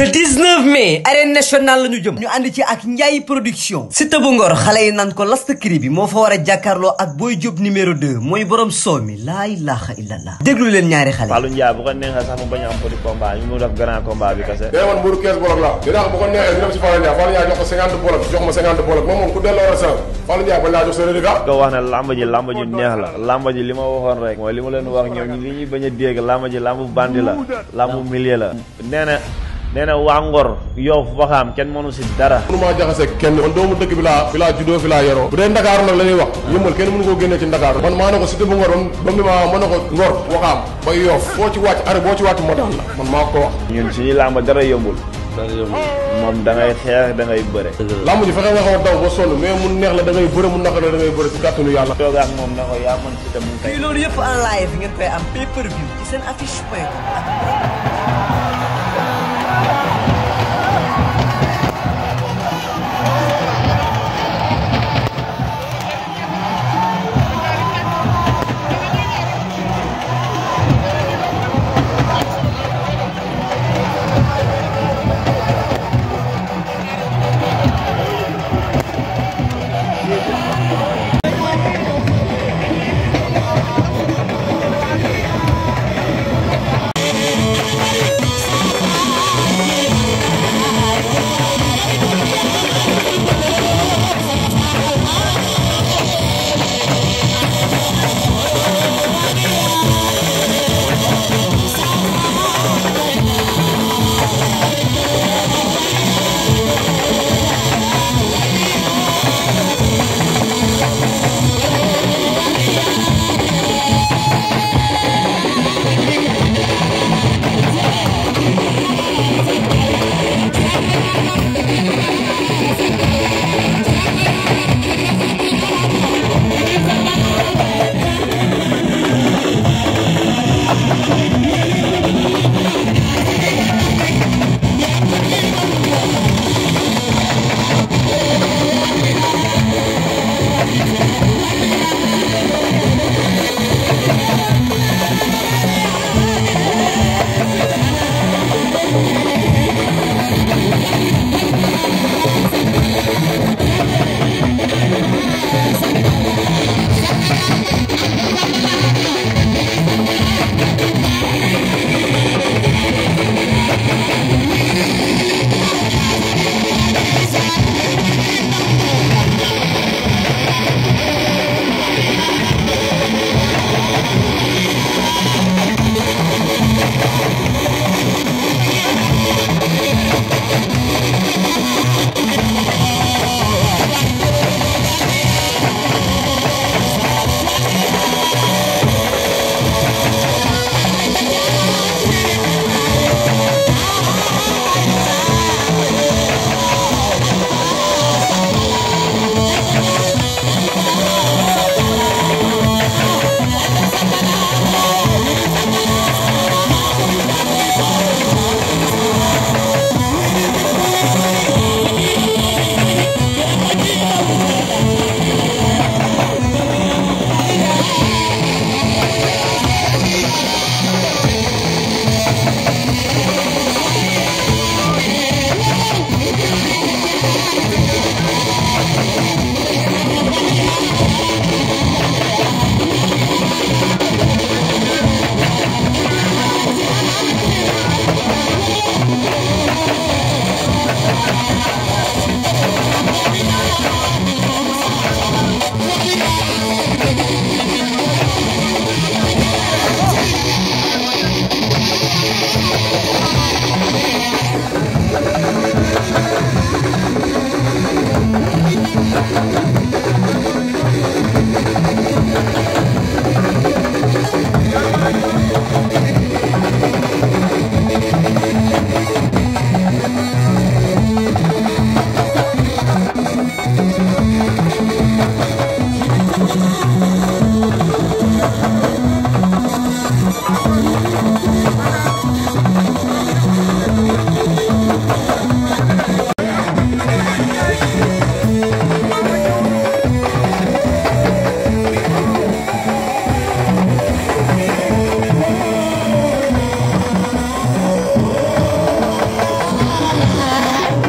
le 19 mai arène nationale la ñu jëm ñu ànd ci ak Ndiaye production Siteu bu Ngor xale yi naan ko last cri bi moo fa war a jàkkaarloo ak Boy Diop numéro 2 mooy borom soo mi laa ilaha illallah déglu leen ñaari xale Fallou Ndiaye bu neexee sax mu bañ a am petit bi kese day woon mburu 15 bolok la dinaa bu ko neexee ñu dem si Fallou Ndiaye Fallou Ndiaye jox ko 50 bolok jox ma 50 bolok moom moom la sa Fallou Ndiaye bañ neex la a nena wa ngor yof waxam ken monu ci dara mu ma jaxase ken on doomu deug bi la fi la judo fi la yaro bu de dakar nak lañuy wax yëmbal ken mënu ko génné ci dakar man manako ci cité bu ngor bam ni ma manako ngor waxam ba yo fo ci wacc ar bo ci wacc mo dal man mako wax ñun ci ñi lamb dara yëmbul mom da ngay xex da ngay beure lamb ji fexé nga ko daw bo sonu mais mu neex la da ngay beure mu nak la da ngay beure ci kattanu yalla toog ak mom nako ya man ci dem tay lolu yëpp en live ngeen koy am pay per view ci sen affiche affiche.com Thank you. Yeah.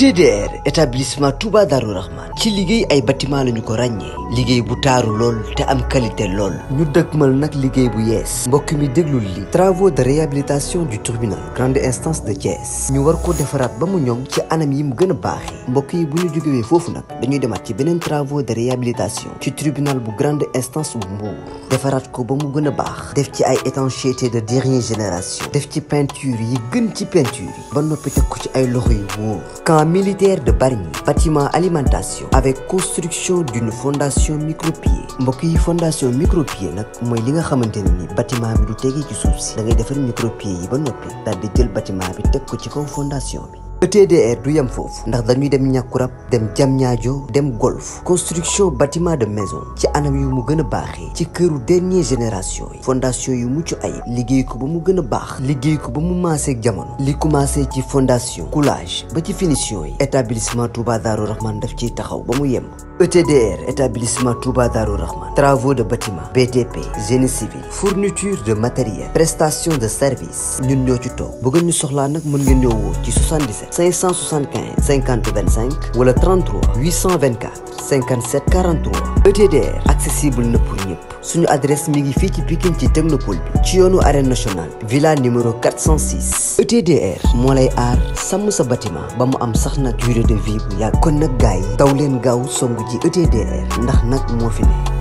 ETDR établissement Touba Darou Rahman ci liguey ay bâtiment lañu ko ragné liguey bu taru lool té am qualité lool ñu dëgmal nak liguey bu yees mbokk mi déglul li travaux de réhabilitation du tribunal grande instance de Thiès ñu war ko defaraat ba mu ñom ci anam yi mu gëna baxé mbokk yi bu ñu jógewee fofu nak dañuy demaat ci benen travaux de réhabilitation ci tribunal bu grande instance bu Mbour defaraat ko ba mu gëna bax def ci ay étanchéité de dernière génération def ci peinture yi gën ci peinture yi ba nopi teg ko ci ay loxo yu wóor militaire de Barigny, bâtiment alimentation avec construction d'une fondation micro-pied. fondation micropieux nak moy li nga xamanteni ni bâtiment bi du tegee ci suuf si da ngay micro micropieux yi ba nopi, dal di jël bâtiment bi teg ko ci kaw fondation bi ETDR du yem foofu ndax dañuy dem ñàkkurab dem jamñaajo dem golf construction bâtiment de maison ci anam yu mu gën a baaxee ci këru dernier génération yi fondation yu mucc ay liggéey ko ba mu gën a baax liggéey ko ba mu maaseeg jamono li commencé ci fondation coulage ba ci finition yi établissement Touba Darou Rahman daf ciy taxaw ba mu yem ETDR, établissement Touba Darou Rahman, travaux de bâtiment, BDP génie civil, fourniture de matériel, prestation de services. ñun ñoo ci toog ñu 77 575 50 25 le 33 824 57 43 ETDR accessible nous. pour suñu adresse mi ngi fii ci Pikine technopole villa numéro 406 ETDR Moulay ART sàmm sa bâtiment ba mu am sax na durée de vie bu yàgg kon nag gars yi daw leen gaaw song ji ETDR ndax nag moo fi ne